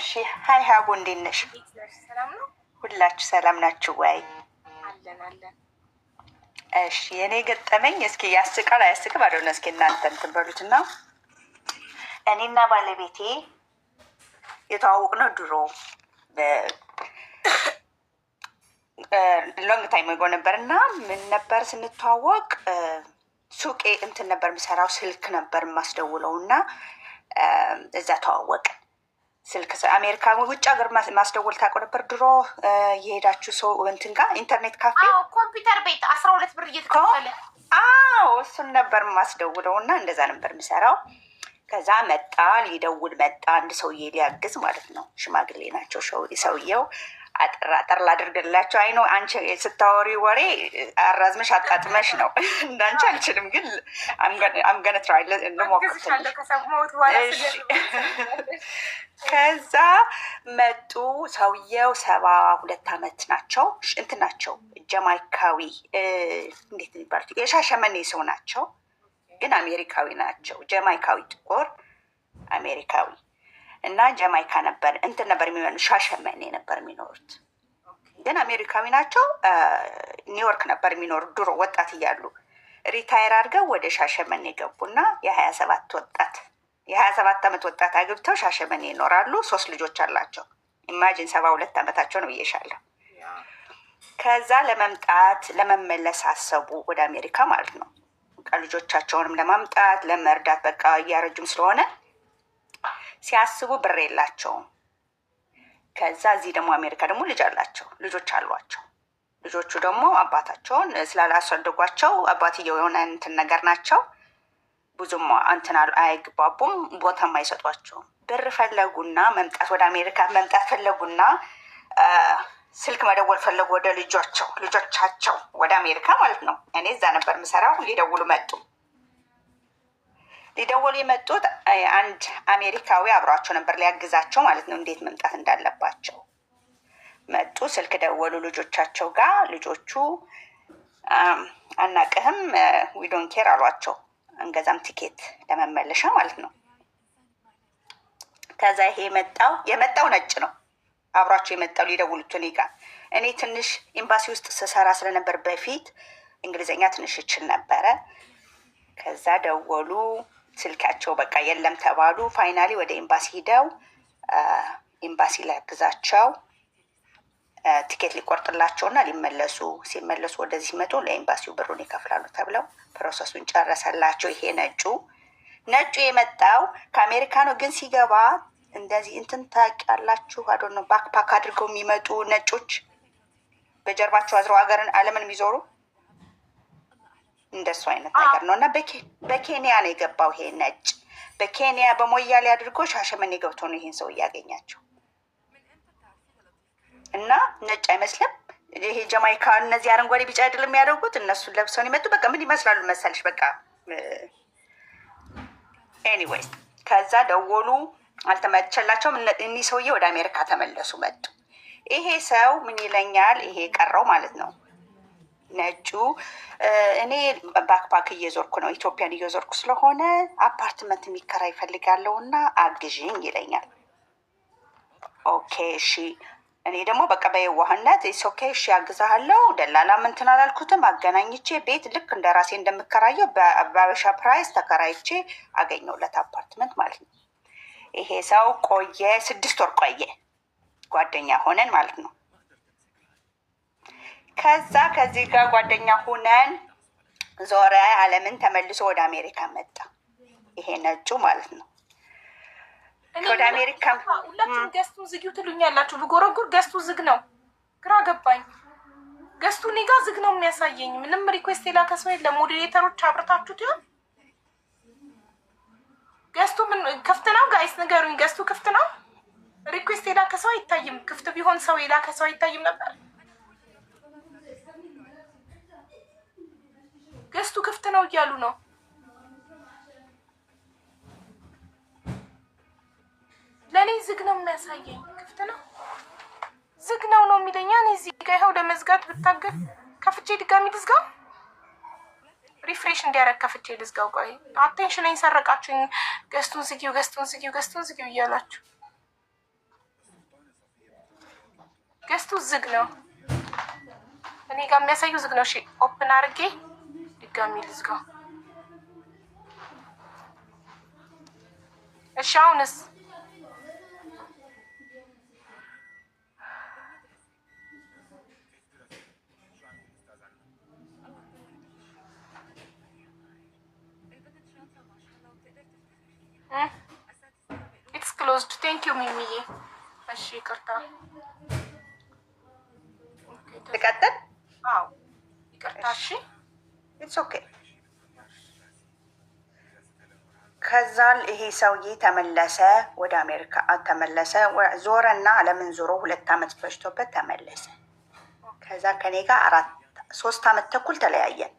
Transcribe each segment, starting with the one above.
እሺ ሀይ ሀቡ እንዴት ነሽ? ሁላችሁ ሰላም ናችሁ ወይ? እሺ የእኔ ገጠመኝ እስኪ ያስቃል አያስቅም አደሆነ እስኪ እናንተ እንትን በሉትና እኔና ባለቤቴ የተዋወቅ ነው ድሮ ሎንግ ታይም አጎ ነበር እና ምን ነበር ስንተዋወቅ ሱቄ እንትን ነበር የምሰራው ስልክ ነበር የማስደውለው እና እዛ ተዋወቅ ስልክ አሜሪካ ውጭ ሀገር ማስደወል ታውቀው ነበር ድሮ የሄዳችሁ ሰው እንትን ጋር ኢንተርኔት ካፌ ኮምፒውተር ቤት አስራ ሁለት ብር እየተከፈለ አዎ እሱን ነበር ማስደውለው እና እንደዛ ነበር የምሰራው። ከዛ መጣ ሊደውል መጣ አንድ ሰውዬ ሊያግዝ ማለት ነው። ሽማግሌ ናቸው ሰውየው አጠር አጠር ላድርግላቸው። አይ ነው አንቺ ስታወሪ ወሬ አራዝመሽ አጣጥመሽ ነው እንዳንቺ አልችልም፣ ግን አምገነ ትራይ ልሞክር። ከዛ መጡ ሰውየው ሰባ ሁለት አመት ናቸው። እንትን ናቸው ጀማይካዊ እንዴት የሚባሉ የሻሸመኔ ሰው ናቸው፣ ግን አሜሪካዊ ናቸው። ጀማይካዊ ጥቁር አሜሪካዊ እና ጀማይካ ነበር እንትን ነበር የሚሆኑ ሻሸመኔ ነበር የሚኖሩት። ግን አሜሪካዊ ናቸው። ኒውዮርክ ነበር የሚኖሩ ድሮ ወጣት እያሉ ሪታየር አድርገው ወደ ሻሸመኔ ገቡና የሀያ ሰባት ወጣት የሀያ ሰባት ዓመት ወጣት አግብተው ሻሸመኔ ይኖራሉ። ሶስት ልጆች አላቸው። ኢማጂን ሰባ ሁለት ዓመታቸው ነው እየሻለ ከዛ ለመምጣት ለመመለስ አሰቡ ወደ አሜሪካ ማለት ነው። ልጆቻቸውንም ለማምጣት ለመርዳት በቃ እያረጁም ስለሆነ ሲያስቡ ብር የላቸውም። ከዛ እዚህ ደግሞ አሜሪካ ደግሞ ልጅ አላቸው ልጆች አሏቸው። ልጆቹ ደግሞ አባታቸውን ስላላስወደጓቸው አባትየው የሆነ እንትን ነገር ናቸው። ብዙም እንትን አይግባቡም፣ ቦታም አይሰጧቸውም። ብር ፈለጉና መምጣት ወደ አሜሪካ መምጣት ፈለጉና ስልክ መደወል ፈለጉ ወደ ልጆቸው ልጆቻቸው ወደ አሜሪካ ማለት ነው። እኔ እዛ ነበር ምሰራው፣ ሊደውሉ መጡ። ሊደወሉ የመጡት አንድ አሜሪካዊ አብሯቸው ነበር፣ ሊያግዛቸው ማለት ነው፣ እንዴት መምጣት እንዳለባቸው መጡ። ስልክ ደወሉ ልጆቻቸው ጋር። ልጆቹ አናቅህም፣ ዊዶን ኬር አሏቸው። እንገዛም ቲኬት ለመመለሻ ማለት ነው። ከዛ ይሄ የመጣው የመጣው ነጭ ነው አብሯቸው የመጣው ሊደውሉት እኔ ጋር። እኔ ትንሽ ኤምባሲ ውስጥ ስሰራ ስለነበር በፊት እንግሊዝኛ ትንሽ ይችል ነበረ። ከዛ ደወሉ ስልካቸው በቃ የለም ተባሉ። ፋይናሊ ወደ ኤምባሲ ሂደው ኤምባሲ ትኬት ሊቆርጥላቸው ሊቆርጥላቸውና ሊመለሱ ሲመለሱ ወደዚህ መጡ ለኤምባሲው ብሩን ይከፍላሉ ተብለው ፕሮሰሱን ጨረሰላቸው። ይሄ ነጩ ነጩ የመጣው ከአሜሪካ ነው። ግን ሲገባ እንደዚህ እንትን ታውቂያላችሁ፣ አዶ ነው ባክፓክ አድርገው የሚመጡ ነጮች በጀርባቸው አዝረው ሀገርን አለምን የሚዞሩ እንደሱ አይነት ነገር ነው እና በኬንያ ነው የገባው ይሄ ነጭ በኬንያ በሞያሌ አድርጎ ሻሸመኔ ገብቶ ነው ይህን ሰው እያገኛቸው እና ነጭ አይመስልም። ይሄ ጀማይካ እነዚህ አረንጓዴ ቢጫ አይደለም የሚያደርጉት እነሱን ለብሰውን ይመጡ። በቃ ምን ይመስላሉ መሰልሽ? በቃ ኤኒዌይስ፣ ከዛ ደወሉ፣ አልተመቸላቸውም። እኒህ ሰውዬ ወደ አሜሪካ ተመለሱ መጡ። ይሄ ሰው ምን ይለኛል? ይሄ ቀረው ማለት ነው ነጩ እኔ ባክፓክ እየዞርኩ ነው፣ ኢትዮጵያን እየዞርኩ ስለሆነ አፓርትመንት የሚከራ ይፈልጋለው እና አግዥኝ ይለኛል። ኦኬ እሺ። እኔ ደግሞ በቃ በየዋህነት ኦኬ እሺ አግዛሃለሁ፣ ደላላ እንትን አላልኩትም። አገናኝቼ ቤት ልክ እንደ ራሴ እንደምከራየው በአበሻ ፕራይስ ተከራይቼ አገኘሁለት አፓርትመንት ማለት ነው። ይሄ ሰው ቆየ፣ ስድስት ወር ቆየ፣ ጓደኛ ሆነን ማለት ነው። ከዛ ከዚህ ጋር ጓደኛ ሁነን ዞረ አለምን ተመልሶ ወደ አሜሪካ መጣ። ይሄ ነጩ ማለት ነው። ወደ አሜሪካ ሁላችሁም ገስቱ ዝግ ትሉኛላችሁ። ብጎረጉር ገስቱ ዝግ ነው። ግራ ገባኝ። ገስቱ እኔ ዝግ ነው የሚያሳየኝ። ምንም ሪኩዌስት የላከ ሰው የለም። ሞዴሬተሮች አብርታችሁት ይሆን? ገስቱ ምን ክፍት ነው? ጋይስ ንገሩኝ። ገስቱ ክፍት ነው? ሪኩዌስት የላከ ሰው አይታይም። ክፍት ቢሆን ሰው የላከ ሰው አይታይም ነበር። ገስቱ ክፍት ነው እያሉ ነው። ለእኔ ዝግ ነው የሚያሳየኝ። ክፍት ነው ዝግ ነው ነው የሚለኝ። እኔ እዚህ ጋ ይኸው ለመዝጋት ብታገል ከፍቼ ድጋሚ ልዝጋው። ሪፍሬሽ እንዲያደርግ ከፍቼ ልዝጋው። ቆይ አቴንሽን ሰረቃችሁኝ። ገስቱን ዝጊው፣ ገስቱን ዝጊው፣ ገስቱን ዝጊው እያላችሁ ገስቱ ዝግ ነው እኔ ጋር የሚያሳየው ዝግ ነው። እሺ ኦፕን አድርጌ ድጋሚ ልዝጋው። እሺ አሁንስ ኢትስ ክሎዝድ ቴንክ ዩ ሚሚዬ። እሺ ይቅርታ ይቀጥል። አዎ ይቅርታ። እሺ ኢትስ ኦኬ። ከዛን ይሄ ሰውዬ ተመለሰ ወደ አሜሪካ ተመለሰ፣ ዞረና አለምን ዞሮ ሁለት አመት ፈጅቶበት ተመለሰ። ከዛ ከኔ ጋር አራት ሶስት ዓመት ተኩል ተለያየን።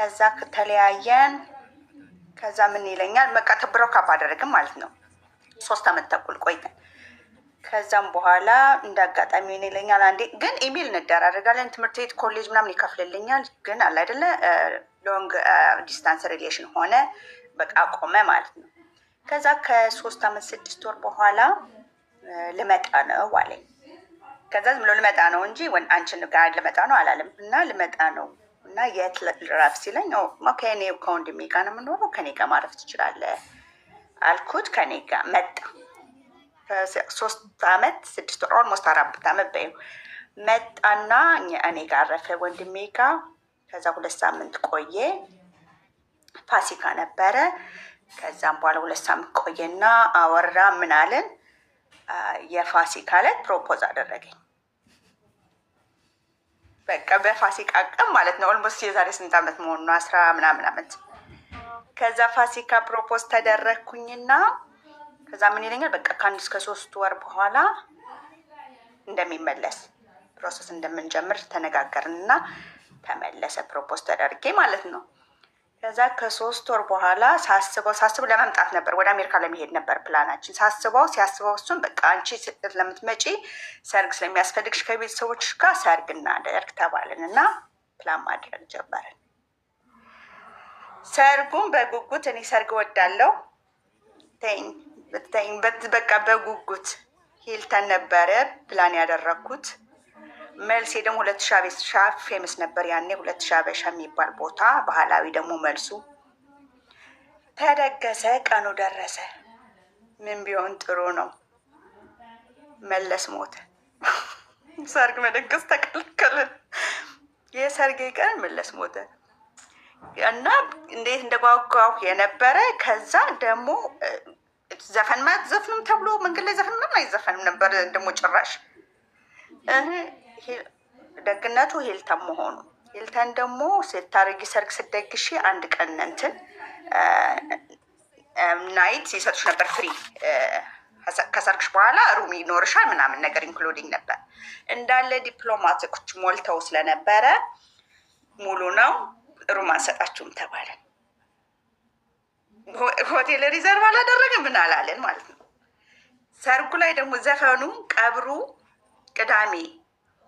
ከዛ ተለያየን። ከዛ ምን ይለኛል መቃ ተብረካብ ማለት ነው። ሶስት ዓመት ተኩል ቆይተን ከዛም በኋላ እንዳጋጣሚ አጋጣሚ ሆነ ይለኛል። አንዴ ግን ኢሜል እንደራረጋለን። ትምህርት ቤት ኮሌጅ ምናምን ይከፍልልኛል። ግን አለ አይደለ ሎንግ ዲስታንስ ሪሌሽን ሆነ በቃ ቆመ ማለት ነው። ከዛ ከሶስት አመት ስድስት ወር በኋላ ልመጣ ነው አለኝ። ከዛ ዝም ብሎ ልመጣ ነው እንጂ አንቺን ጋር ልመጣ ነው አላለም። እና ልመጣ ነው እና የት ልረፍ ሲለኝ ከኔ ከወንድሜ ጋር ነው የምንሆነው፣ ከኔ ጋር ማረፍ ትችላለህ አልኩት። ከኔ ጋር መጣ ሶስት አመት ስድስት ወር ኦልሞስት አራት አመት በዩ መጣና እኔ ጋር አረፈ ወንድሜ ጋ። ከዛ ሁለት ሳምንት ቆየ። ፋሲካ ነበረ። ከዛም በኋላ ሁለት ሳምንት ቆየና አወራ ምናለን የፋሲካ ዕለት ፕሮፖዝ አደረገኝ። በቃ በፋሲካ ቀን ማለት ነው። ኦልሞስት የዛሬ ስንት አመት መሆኑ አስራ ምናምን አመት። ከዛ ፋሲካ ፕሮፖዝ ተደረግኩኝና ከዛ ምን ይለኛል በቃ ከአንድ እስከ ሶስት ወር በኋላ እንደሚመለስ ፕሮሰስ እንደምንጀምር ተነጋገርንና ተመለሰ። ፕሮፖዝ ተደርጌ ማለት ነው። ከዛ ከሶስት ወር በኋላ ሳስበው ሳስበው ለመምጣት ነበር ወደ አሜሪካ ለመሄድ ነበር ፕላናችን። ሳስበው ሲያስበው እሱም በቃ አንቺ ለምትመጪ ሰርግ ስለሚያስፈልግሽ ከቤተሰቦች ጋር ሰርግ እናደርግ ተባልን እና ፕላን ማድረግ ጀመርን። ሰርጉም በጉጉት እኔ ሰርግ ወዳለው ተይኝ ብትተኝ በቃ በጉጉት ሂልተን ነበረ ፕላን ያደረግኩት። መልሴ ደግሞ ሁለት ሺ አበሻ ፌምስ ነበር ያኔ፣ ሁለት ሺህ አበሻ የሚባል ቦታ ባህላዊ ደግሞ መልሱ ተደገሰ። ቀኑ ደረሰ። ምን ቢሆን ጥሩ ነው? መለስ ሞተ። ሰርግ መደገስ ተከለከለ። የሰርጌ ቀን መለስ ሞተ እና እንዴት እንደጓጓሁ የነበረ ከዛ ደግሞ ዘፈን ማትዘፍንም ተብሎ መንገድ ላይ ዘፈን ምንም አይዘፈንም ነበር። ደግሞ ጭራሽ ደግነቱ ሄልተን መሆኑ ሄልተን ደግሞ ስታረጊ ሰርግ ስደግሽ አንድ ቀን እንትን ናይት ይሰጡሽ ነበር ፍሪ ከሰርግሽ በኋላ ሩም ይኖርሻል ምናምን ነገር ኢንክሉዲንግ ነበር። እንዳለ ዲፕሎማቶች ሞልተው ስለነበረ ሙሉ ነው ሩም አንሰጣችሁም ተባለን። ሆቴል ሪዘርቭ አላደረገ ምን አላለን ማለት ነው። ሰርጉ ላይ ደግሞ ዘፈኑ ቀብሩ ቅዳሜ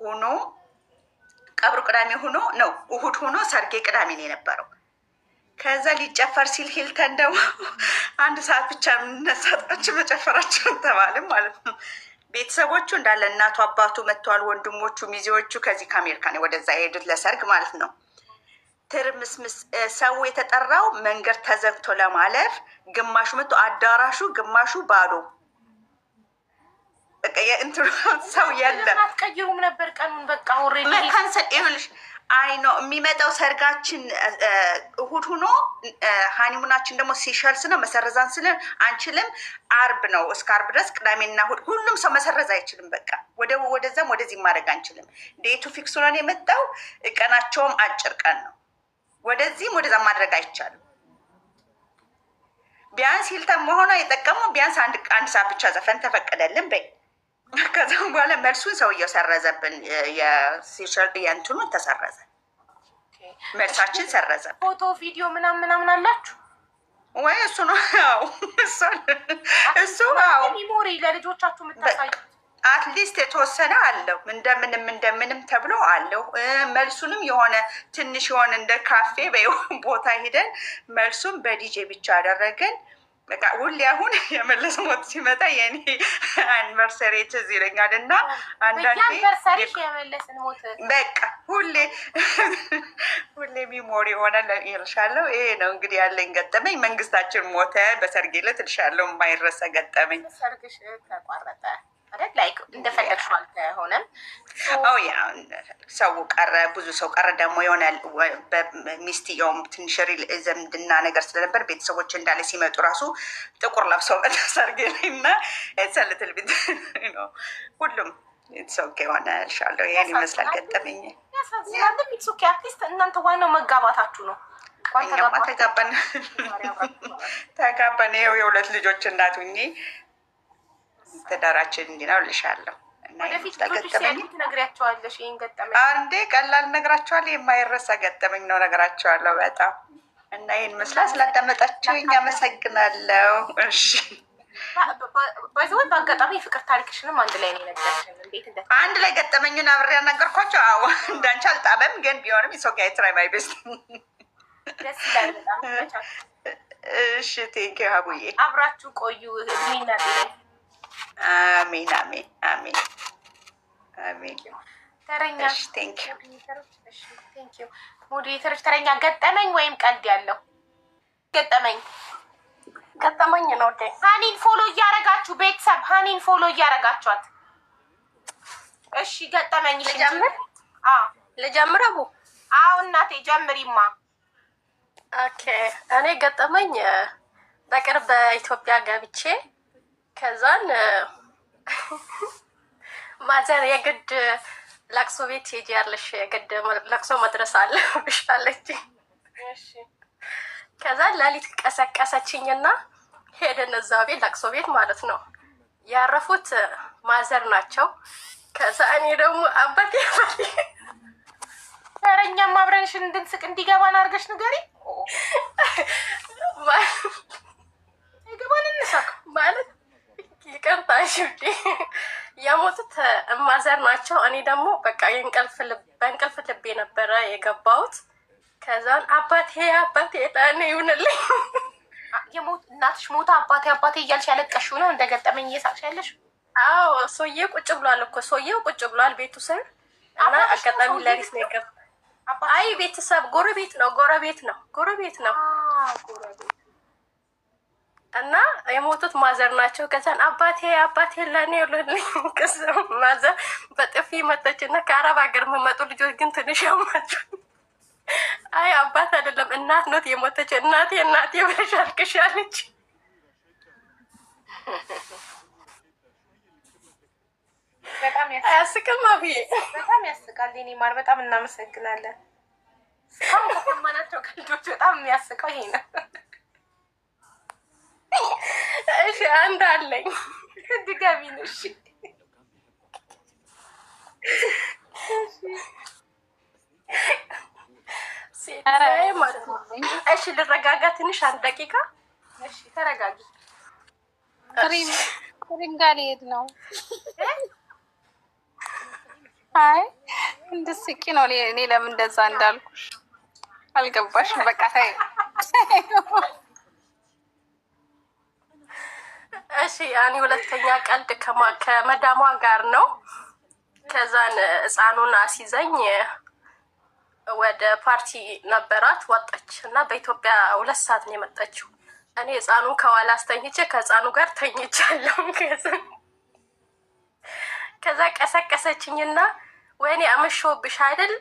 ሆኖ ቀብሩ ቅዳሜ ሆኖ ነው እሁድ ሆኖ ሰርጌ ቅዳሜ ነው የነበረው። ከዛ ሊጨፈር ሲል ሂልተን ደግሞ አንድ ሰዓት ብቻ የምንነሳጣቸው መጨፈራቸውን ተባልም ማለት ነው። ቤተሰቦቹ እንዳለ እናቱ አባቱ መጥተዋል። ወንድሞቹ ሚዜዎቹ ከዚህ ከአሜሪካ ነው ወደዛ የሄዱት ለሰርግ ማለት ነው። ትርምስምስ ሰው የተጠራው መንገድ ተዘግቶ ለማለፍ ግማሹ መቶ አዳራሹ ግማሹ ባዶ በቃ ሰው የለም። አትቀይሩም ነበር ቀኑን በቃ ካንሰል ይሁንልሽ። አይ ነው የሚመጣው ሰርጋችን እሁድ ሁኖ ሀኒሙናችን ደግሞ ሲሸልስ ነው። መሰረዛን ስልን አንችልም። አርብ ነው እስከ አርብ ድረስ ቅዳሜና እሁድ ሁሉም ሰው መሰረዝ አይችልም። በቃ ወደ ወደዛም ወደዚህ ማድረግ አንችልም። ዴቱ ፊክስ ሆነን የመጣው ቀናቸውም አጭር ቀን ነው። ወደዚህም ወደዛ ማድረግ አይቻልም። ቢያንስ ሂልተን መሆኗ የጠቀሙ ቢያንስ አንድ አንድ ሰዓት ብቻ ዘፈን ተፈቀደልን በይ። ከዛም በኋላ መልሱን ሰውየው ሰረዘብን። የሲሸርድ የእንትኑን ተሰረዘ፣ መልሳችን ሰረዘ። ፎቶ ቪዲዮ ምናምን ምናምን አላችሁ ወይ? እሱ ነው እሱ ነው ሚሞሪ ለልጆቻችሁ የምታሳዩ አትሊስት የተወሰነ አለው እንደምንም እንደምንም ተብሎ አለው። መልሱንም የሆነ ትንሽ የሆነ እንደ ካፌ ቦታ ሂደን መልሱን በዲጄ ብቻ አደረገን። በቃ ሁሌ አሁን የመለስ ሞት ሲመጣ የኔ አንቨርሰሪ ትዝ ይለኛል እና አንዳንዴ በቃ ሁሌ ሁሌ ሚሞሪ የሆነ ይልሻለው። ይሄ ነው እንግዲህ ያለኝ ገጠመኝ። መንግስታችን ሞተ በሰርጌ ዕለት እልሻለሁ፣ የማይረሳ ገጠመኝ። ሰርግሽ ተቋረጠ። አይደል ላይክ እንደፈለግሽው አልሆነም። ኦ ያ ሰው ቀረ፣ ብዙ ሰው ቀረ። ደግሞ የሆነ ሚስትየውም ትንሽ ዝምድና ነገር ስለነበር ቤተሰቦች እንዳለ ሲመጡ ራሱ ጥቁር ለብሰው መጣ ሰርጌ ላይ እና ሰልትል ቤት ሁሉም ኢትስኦኬ የሆነ እልሻለሁ። ይህን ይመስላል ገጠመኝ። ኢትስኦኬ አርቲስት እናንተ ዋናው መጋባታችሁ ነው። ተጋባን ተጋባን። ይኸው የሁለት ልጆች እናት ሁኜ ትዳራችን እንዲህ ነው እልሻለሁ። አንዴ ቀላል እነግራቸዋለሁ። የማይረሳ ገጠመኝ ነው እነግራቸዋለሁ። በጣም እና ይህን መስላ ስላዳመጣችሁኝ አመሰግናለሁ። እሺ በዚሁን በአጋጣሚ የፍቅር ታሪክሽንም አንድ ላይ ነው የነገርሽን። አንድ ላይ ገጠመኝን አብሬ ያናገርኳቸው። አዎ እንዳንቺ አልጣበም፣ ግን ቢሆንም ኢትስ ኦኬ አይ ደስ ይላል በጣም። እሺ ቴንኪው ሀቡዬ፣ አብራችሁ ቆዩ። ሚና አሜን አሜን አሜን አሜን። ተረኛ ሞዴሬተሮች፣ ተረኛ ገጠመኝ ወይም ቀልድ ያለው ገጠመኝ ገጠመኝ ነው። ሀኒን ፎሎ እያረጋችሁ ቤተሰብ፣ ሀኒን ፎሎ እያረጋችኋት። እሺ ገጠመኝ ልጀምር ልጀምር። አቡ እናቴ ጀምሪማ። ኦኬ፣ እኔ ገጠመኝ በቅርብ በኢትዮጵያ ገብቼ ከዛን ማዘር የግድ ላቅሶ ቤት ሄጅ ያለሽ የግድ ለቅሶ መድረስ አለ ብሻለች። ከዛ ላሊት ቀሰቀሰችኝና ሄደን እዛ ቤት ላቅሶ ቤት ማለት ነው ያረፉት ማዘር ናቸው። ከዛ እኔ ደግሞ አባት ረኛም አብረንሽን እንድንስቅ እንዲገባን አድርገሽ ንገሪ ገባን እንሳቅ ማለት ይቅርታሽ እንዴ የሞቱት እማዘር ናቸው። እኔ ደግሞ በቃ በእንቅልፍ ልቤ ነበረ የገባሁት። ከዛን አባቴ አባቴ ጣን ይሁንልኝ የሞት እናትሽ ሞታ አባቴ አባቴ እያልሽ ያለቀሽው ነው እንደገጠመኝ እየሳቅሽ ያለሽ? አዎ ሰውዬ ቁጭ ብሏል እኮ ሰውዬው ቁጭ ብሏል ቤቱ ስር እና አጋጣሚ ለሪስ ነው የገባ። አይ ቤተሰብ ጎረቤት ነው ጎረቤት ነው ጎረቤት ነው ጎረቤት እና የሞቱት ማዘር ናቸው። ከዛን አባቴ አባቴ ለኔ ማዘር በጥፊ መጠች እና ከአረብ ሀገር መመጡ ልጆች ግን ትንሽ ያማቸው አይ አባት አይደለም እናት ኖት የሞተች እናቴ እናቴ ብለሽ አልቅሻለች። አያስቅም? አብዬ በጣም ያስቃል። ኔ ማር በጣም እናመሰግናለን። ሰው ከማናቸው ከልጆች በጣም የሚያስቀው ይሄ ነው። እሺ አንድ አለኝ ድጋሚን። እሺ እሺ ልረጋጋ ትንሽ አንድ ደቂቃ። እሺ ተረጋጊ። ክሪም ጋር ሊሄድ ነው። አይ እንድስቂ ነው። እኔ ለምን እንደዛ እንዳልኩሽ አልገባሽም። በቃ ተይው እሺ ያኔ ሁለተኛ ቀልድ ከመዳሟ ጋር ነው። ከዛን ህፃኑን አስይዘኝ ወደ ፓርቲ ነበራት ወጣች እና በኢትዮጵያ ሁለት ሰዓት ነው የመጣችው። እኔ ህፃኑን ከኋላ አስተኝቼ ከህፃኑ ጋር ተኝቻለሁ። ከዛ ከዛ ቀሰቀሰችኝና ወይኔ አመሸሁብሽ አይደል?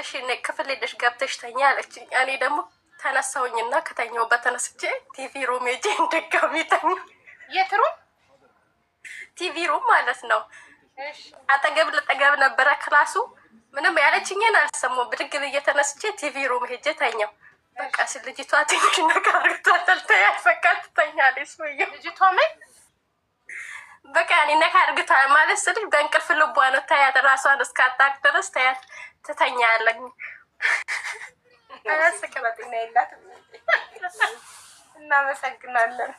እሺ ክፍል ሄደሽ ገብተሽ ተኛ አለችኝ። እኔ ደግሞ ተነሳሁኝና ከተኛሁበት በተነስቼ ቲቪ ሩሜጄን ደጋሚ ተኛ የት ሩም? ቲቪ ሩም ማለት ነው። አጠገብ ለጠገብ ነበረ ክላሱ። ምንም ያለችኝን አልሰማሁም። ብድግ ብዬ ተነስቼ ቲቪ ሩም ሄጄ ተኛው። በቃ ስ ልጅቷ ትንሽ ነገር አድርግቷታል። በቃ ትተኛለች ሰውዬው። ልጅቷ ምን በቃ ያኔ ነካ አድርግቷል ማለት ስል በእንቅልፍ ልቧ ነው። ታያት ራሷን እስካጣቅ ድረስ ታያት ትተኛለች። እናመሰግናለን።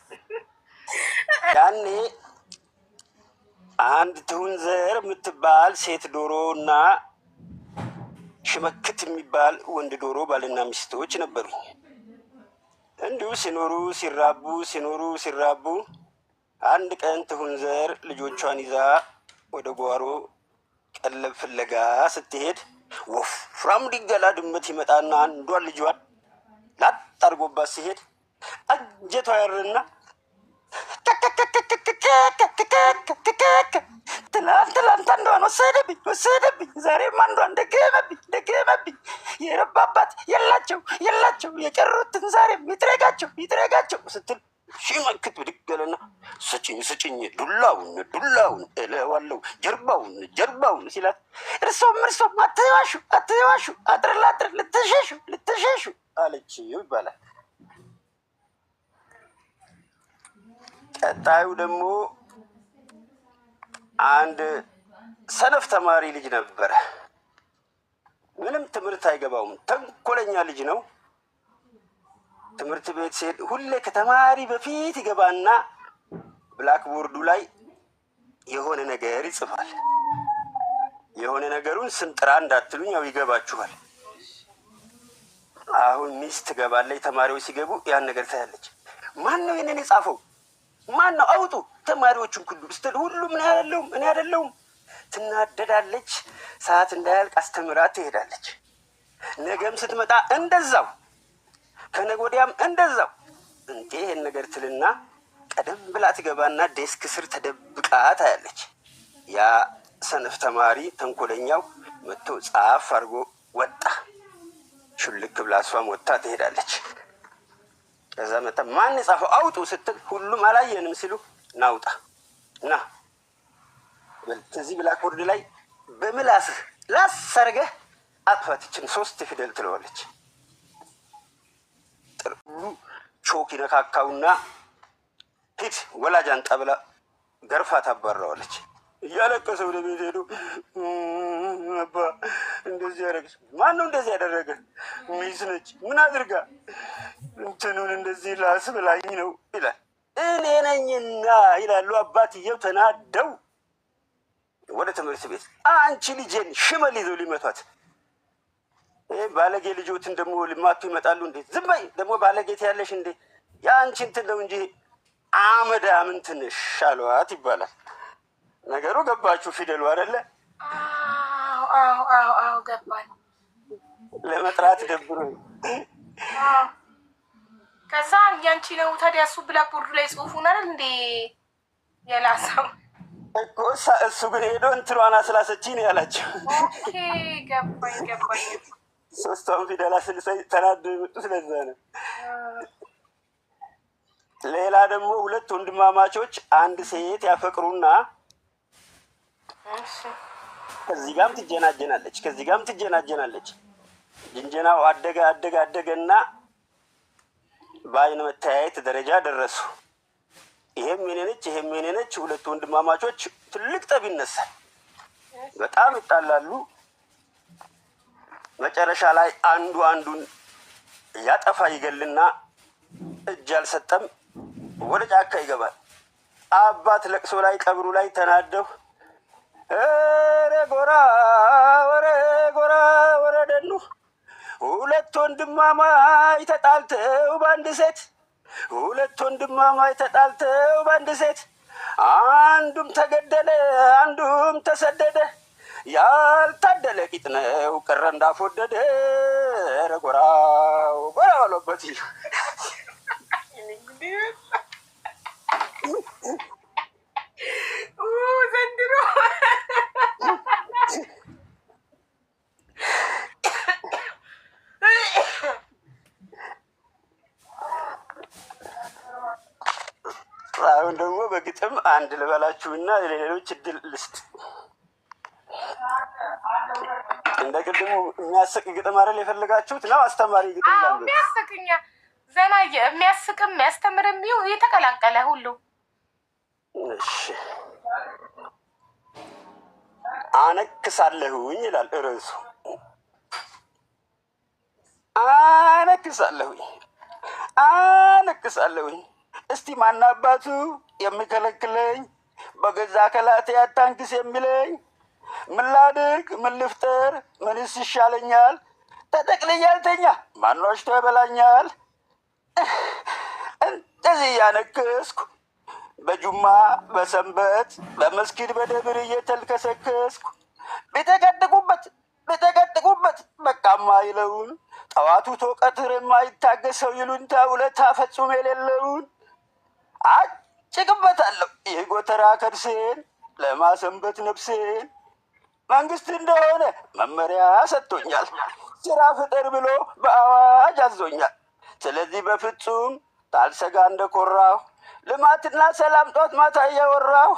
ያኔ አንድ ትሁን ዘር የምትባል ሴት ዶሮ እና ሽመክት የሚባል ወንድ ዶሮ ባልና ሚስቶች ነበሩ። እንዲሁ ሲኖሩ ሲራቡ ሲኖሩ ሲራቡ አንድ ቀን ትሁን ዘር ልጆቿን ይዛ ወደ ጓሮ ቀለብ ፍለጋ ስትሄድ ወፍራም ዲገላ ድመት ይመጣና አንዷን ልጇን ላጥ አድርጎባት ሲሄድ አንጀቷ ያርና ትላንት አንዷን ወሰደብኝ ወሰደብኝ። ዛሬም አንዷን ደገመብኝ ደገመብኝ። የረባ አባት የላቸው የላቸው የቀሩትን ዛሬም ይጥረጋቸው ይጥረጋቸው ስትል ሺህ መክት ስጭኝ ስጭኝ ዱላውን ዱላውን እለዋለሁ ጀርባውን ጀርባውን ሲላት፣ እርሶም እርሶም አትዋሹ አትዋሹ አጥር ላጥር ልትሸሹ ልትሸሹ አለችው ይባላል። ቀጣዩ ደግሞ አንድ ሰነፍ ተማሪ ልጅ ነበረ። ምንም ትምህርት አይገባውም። ተንኮለኛ ልጅ ነው። ትምህርት ቤት ሲሄድ ሁሌ ከተማሪ በፊት ይገባና ብላክቦርዱ ላይ የሆነ ነገር ይጽፋል። የሆነ ነገሩን ስም ጥራ እንዳትሉኝ፣ ያው ይገባችኋል። አሁን ሚስት ትገባለች። ተማሪዎች ሲገቡ ያን ነገር ታያለች። ማን ነው ይህንን የጻፈው? ማን ነው አውጡ ተማሪዎቹን ሁሉ ስትል ሁሉም እኔ አይደለሁም እኔ አይደለሁም ትናደዳለች። ሰዓት እንዳያልቅ አስተምራ ትሄዳለች። ነገም ስትመጣ እንደዛው፣ ከነጎዲያም እንደዛው። እንዴ ይህን ነገር ትልና ቀደም ብላ ትገባና ዴስክ ስር ተደብቃ ታያለች። ያ ሰነፍ ተማሪ ተንኮለኛው መጥቶ ጻፍ አድርጎ ወጣ። ሹልክ ብላ እሷም ወጥታ ትሄዳለች። ከዛ መታ ማን ጻፈው አውጡ ስትል ሁሉም አላየንም ሲሉ ናውጣ እና እዚህ ብላክቦርድ ላይ በምላስህ ላስ አድርገህ አጥፋትችን ሶስት ፊደል ትለዋለች። ጥሩ ቾክ ይነካካውና ሂድ ወላጅ አንጣ ብላ ገርፋ ታባረዋለች። እያለቀሰ ወደ ቤት ሄዱ። አባ እንደዚህ ያደረግሽ ማን ነው? እንደዚህ ያደረገ ሚስ ነች። ምን አድርጋ እንትኑን እንደዚህ ላስብላኝ ነው ይላል። እኔ ነኝና ይላሉ አባትየው ተናደው ወደ ትምህርት ቤት አንቺ ልጄን ሽመል ይዘው ሊመቷት ባለጌ ልጆትን ደግሞ ልማቱ ይመጣሉ እንዴ? ዝም በይ ደግሞ ባለጌት ያለሽ እንዴ? የአንቺ እንትን ነው እንጂ አመዳም እንትንሽ አሏት ይባላል። ነገሩ ገባችሁ? ፊደሉ አደለ? ገባን። ለመጥራት ደብሮ ከዛ ያንቺ ነው ታዲያ። እሱ ብላክቦርድ ላይ ጽሁፉን አይደል እንዴ የላሰው እኮ እሱ ግን ሄዶ እንትኗን አስላሰች ነው ያላቸው። ገባኝ ገባኝ። ሶስቷን ፊደላ ስልሳይ ተናዶ የመጡት ስለዛ ነው። ሌላ ደግሞ ሁለት ወንድማማቾች አንድ ሴት ያፈቅሩና ከዚህ ጋም ትጀናጀናለች፣ ከዚህ ጋም ትጀናጀናለች። ጅንጀናው አደገ አደገ አደገና በአይን መተያየት ደረጃ ደረሱ። ይሄም የኔ ነች፣ ይሄም የኔ ነች። ሁለቱ ወንድማማቾች ትልቅ ጠብ ይነሳል። በጣም ይጣላሉ። መጨረሻ ላይ አንዱ አንዱን ያጠፋ ይገልና እጅ አልሰጠም፣ ወደ ጫካ ይገባል። አባት ለቅሶ ላይ ቀብሩ ላይ ተናደው ኧረ ጎራ ወረ ጎራ ወረ ደኑ ሁለት ወንድማማች ተጣልተው በአንድ ሴት ሁለት ወንድማማች ተጣልተው በአንድ ሴት አንዱም ተገደለ አንዱም ተሰደደ። ያልታደለ ቂጥ ነው ቀረ እንዳፎወደደ ኧረ ጎራው ጎራ ባለበት ዘንድሮ oh, አሁን ደግሞ በግጥም አንድ ልበላችሁና ለሌሎች እድል ልስጥ። እንደ ቅድሙ የሚያስቅ ግጥም አይደል የፈለጋችሁት? ነው አስተማሪ ግጥም የሚያስቅኛ ዘና የሚያስቅም የሚያስተምርም የተቀላቀለ ሁሉ እሺ አነክሳለሁኝ ይላል ርዕሱ። አነክሳለሁኝ አነክሳለሁኝ። እስቲ ማናባቱ የሚከለክለኝ? በገዛ ከላት ያታንክስ የሚለኝ ምን ላድርግ? ምን ልፍጠር? ምንስ ይሻለኛል? ተጠቅልያልተኛ ማኗሽቶ ይበላኛል። እንደዚህ እያነክስኩ በጁማ በሰንበት በመስጊድ በደብር እየተልከሰከስኩ ቢተቀጥቁበት ቢተቀጥቁበት በቃ ማይለውን ጠዋቱ ቶቀትር የማይታገሰው ይሉንታ ውለታ ፈጹም የሌለውን አጭቅበታለሁ ይህ ጎተራ ከርሴን ለማሰንበት ነብሴን መንግስት እንደሆነ መመሪያ ሰጥቶኛል። ስራ ፍጠር ብሎ በአዋጅ አዞኛል። ስለዚህ በፍጹም ታልሰጋ እንደኮራሁ ልማትና ሰላም ጧት ማታ እያወራሁ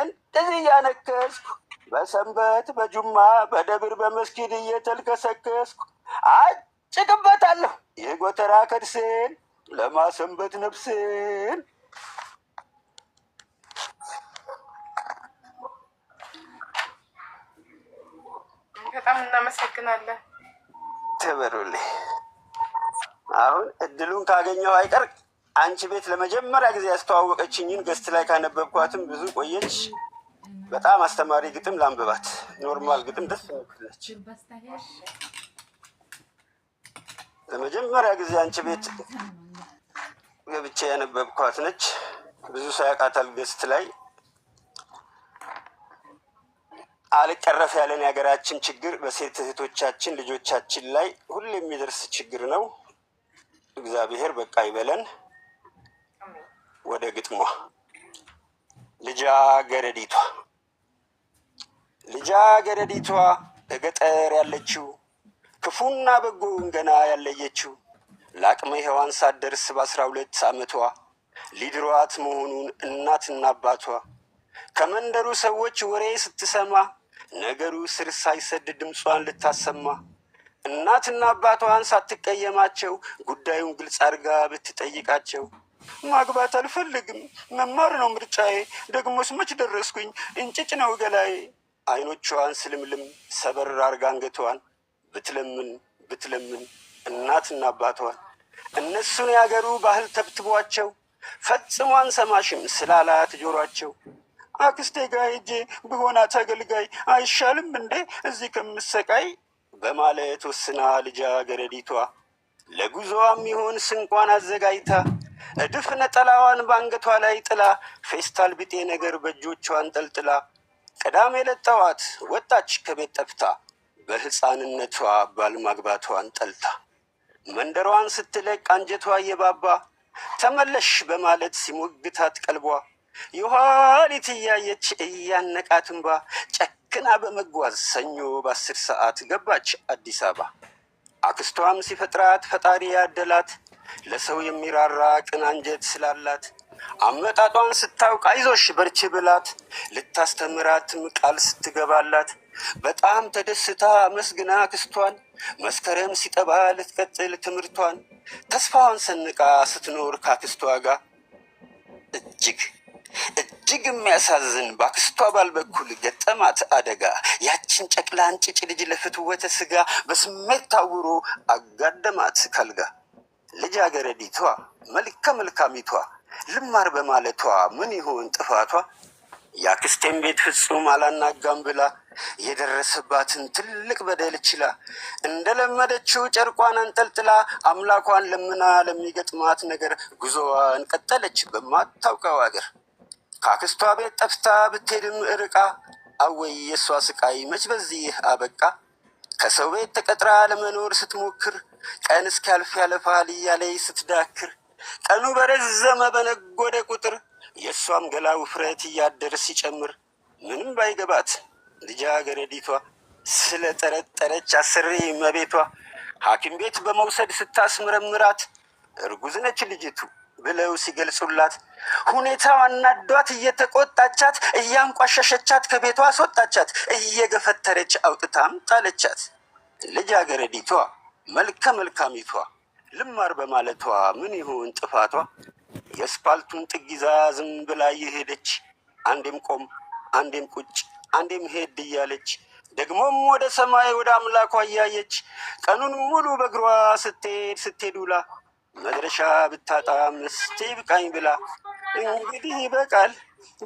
እንደዚህ እያነከስኩ በሰንበት በጁማ በደብር በመስጊድ እየተልከሰከስኩ አጭቅበታለሁ የጎተራ ከድሴን ለማሰንበት ነፍሴን። በጣም እናመሰግናለን። ተበሩልኝ። አሁን እድሉን ካገኘው አይቀር አንቺ ቤት ለመጀመሪያ ጊዜ ያስተዋወቀችኝን ገስት ላይ ካነበብኳትም ብዙ ቆየች። በጣም አስተማሪ ግጥም ላንብባት። ኖርማል ግጥም ደስ ነች። ለመጀመሪያ ጊዜ አንቺ ቤት ገብቼ ያነበብኳት ነች። ብዙ ሳያቃታል ገስት ላይ አልቀረፍ ያለን የሀገራችን ችግር በሴት እህቶቻችን ልጆቻችን ላይ ሁሌ የሚደርስ ችግር ነው። እግዚአብሔር በቃ ይበለን። ወደ ግጥሟ ልጃገረዲቷ ልጃገረዲቷ በገጠር ያለችው ክፉና በጎውን ገና ያለየችው ለአቅመ ሔዋን ሳትደርስ በአስራ ሁለት ዓመቷ ሊድሯት መሆኑን እናትና አባቷ ከመንደሩ ሰዎች ወሬ ስትሰማ ነገሩ ስር ሳይሰድ ድምጿን ልታሰማ እናትና አባቷን ሳትቀየማቸው ጉዳዩን ግልጽ አድርጋ ብትጠይቃቸው ማግባት አልፈልግም። መማር ነው ምርጫዬ። ደግሞስ መች ደረስኩኝ? እንጭጭ ነው ገላዬ። አይኖቿን ስልምልም ሰበር አርጋ አንገቷን ብትለምን ብትለምን እናትና አባቷን እነሱን ያገሩ ባህል ተብትቧቸው ፈጽሞ አንሰማሽም ስላላት ጆሯቸው አክስቴ ጋ ሄጄ ብሆናት አገልጋይ አይሻልም እንዴ እዚህ ከምሰቃይ በማለት ወስና ልጃ ገረዲቷ። ለጉዞዋም ይሁን ስንቋን አዘጋጅታ እድፍ ነጠላዋን በአንገቷ ላይ ጥላ ፌስታል ቢጤ ነገር በእጆቿ አንጠልጥላ ቅዳሜ የለጠዋት ወጣች ከቤት ጠፍታ በሕፃንነቷ ባልማግባቷን ጠልታ መንደሯን ስትለቅ አንጀቷ እየባባ ተመለሽ በማለት ሲሞግታት ቀልቧ የኋሊት እያየች እያነቃትንባ ጨክና በመጓዝ ሰኞ በአስር ሰዓት ገባች አዲስ አበባ። አክስቷም ሲፈጥራት ፈጣሪ ያደላት ለሰው የሚራራ ቅን አንጀት ስላላት አመጣጧን ስታውቅ አይዞሽ በርች ብላት ልታስተምራትም ቃል ስትገባላት በጣም ተደስታ መስግና አክስቷን መስከረም ሲጠባ ልትቀጥል ትምህርቷን ተስፋዋን ሰንቃ ስትኖር ካክስቷ ጋር እጅግ እጅግ የሚያሳዝን በአክስቷ ባል በኩል ገጠማት አደጋ። ያችን ጨቅላ እንጭጭ ልጅ ለፍትወተ ስጋ በስሜት ታውሮ አጋደማት ካልጋ። ልጃገረዲቷ መልከ መልካሚቷ ልማር በማለቷ ምን ይሆን ጥፋቷ? የአክስቴን ቤት ፍጹም አላናጋም ብላ የደረሰባትን ትልቅ በደል ችላ እንደለመደችው ጨርቋን አንጠልጥላ አምላኳን ለምና ለሚገጥማት ነገር ጉዞዋን ቀጠለች በማታውቀው አገር። ከአክስቷ ቤት ጠፍታ ብትሄድም እርቃ! አወይ የእሷ ስቃይ መች በዚህ አበቃ። ከሰው ቤት ተቀጥራ ለመኖር ስትሞክር ቀን እስኪያልፍ ያለፋል እያለይ ስትዳክር ቀኑ በረዘመ በነጎደ ቁጥር የእሷም ገላ ውፍረት እያደር ሲጨምር ምንም ባይገባት ልጃገረዲቷ ስለ ጠረጠረች አስሪ መቤቷ ሐኪም ቤት በመውሰድ ስታስመረምራት እርጉዝ ነች ልጅቱ ብለው ሲገልጹላት ሁኔታው አናዷት እየተቆጣቻት እያንቋሸሸቻት ከቤቷ አስወጣቻት። እየገፈተረች አውጥታም ጣለቻት። ልጃገረዲቷ መልከ መልካሚቷ ልማር በማለቷ ምን ይሆን ጥፋቷ? የስፓልቱን ጥግ ይዛ ዝም ብላ እየሄደች አንዴም ቆም አንዴም ቁጭ አንዴም ሄድ እያለች ደግሞም ወደ ሰማይ ወደ አምላኳ እያየች ቀኑን ሙሉ በእግሯ ስትሄድ ስትሄድ ውላ መድረሻ ብታጣም እስቲ ብቃኝ ብላ እንግዲህ ይበቃል፣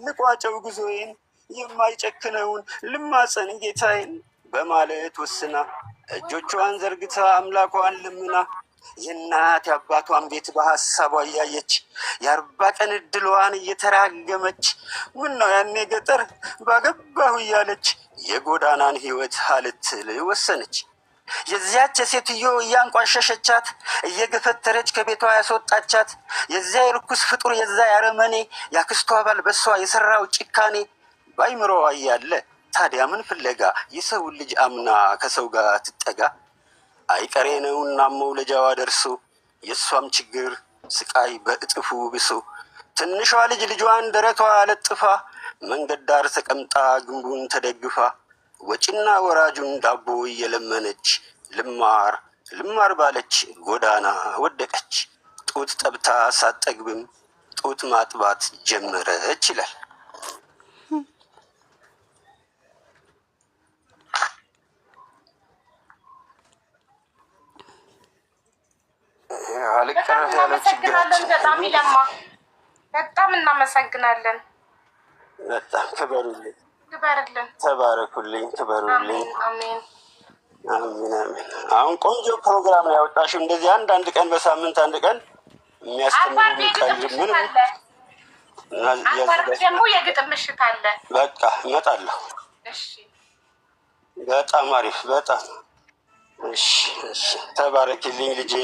ልቋጨው ጉዞዬን፣ የማይጨክነውን ልማጸን ጌታዬን በማለት ወስና እጆቿን ዘርግታ አምላኳን ልምና የእናት የአባቷን ቤት በሀሳቧ እያየች የአርባ ቀን እድሏን እየተራገመች ምን ነው ያኔ ገጠር ባገባሁ እያለች የጎዳናን ህይወት አልትል ወሰነች። የዚያች ሴትዮ እያንቋሸሸቻት እየገፈተረች ከቤቷ ያስወጣቻት የዚያ የርኩስ ፍጡር የዛ ያረመኔ ያክስቷ ባል በሷ የሰራው ጭካኔ ባይምሮዋ እያለ ታዲያ ምን ፍለጋ የሰውን ልጅ አምና ከሰው ጋር ትጠጋ? አይቀሬ ነውና መውለጃዋ ደርሶ የእሷም ችግር ስቃይ በእጥፉ ብሶ ትንሿ ልጅ ልጇን ደረቷ ለጥፋ መንገድ ዳር ተቀምጣ ግንቡን ተደግፋ ወጭና ወራጁን ዳቦ እየለመነች ልማር ልማር ባለች ጎዳና ወደቀች። ጡት ጠብታ ሳጠግብም ጡት ማጥባት ጀመረች ይላል። በጣም እናመሰግናለን። በጣም ክበሩልኝ። ተባረኩልኝ፣ ክበሩልኝ። አሜን አሜን። አሁን ቆንጆ ፕሮግራም ነው ያወጣሽ። እንደዚህ አንድ አንድ ቀን በሳምንት አንድ ቀን የሚያስተምር ቀን ምን ደግሞ የግጥም ምሽት አለ። በቃ እመጣለሁ። በጣም አሪፍ በጣም እሺ፣ ልጄ፣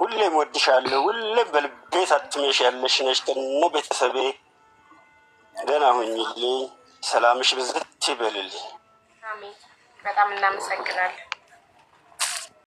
ሁሌም ወድሻለሁ። ሁሌም በልቤ ሳትመሽ ያለሽ ነሽ ከነ ቤተሰቤ። ደህና ሁኝልኝ። ሰላምሽ ብዝት ይበልል በጣም እናመሰግናለን።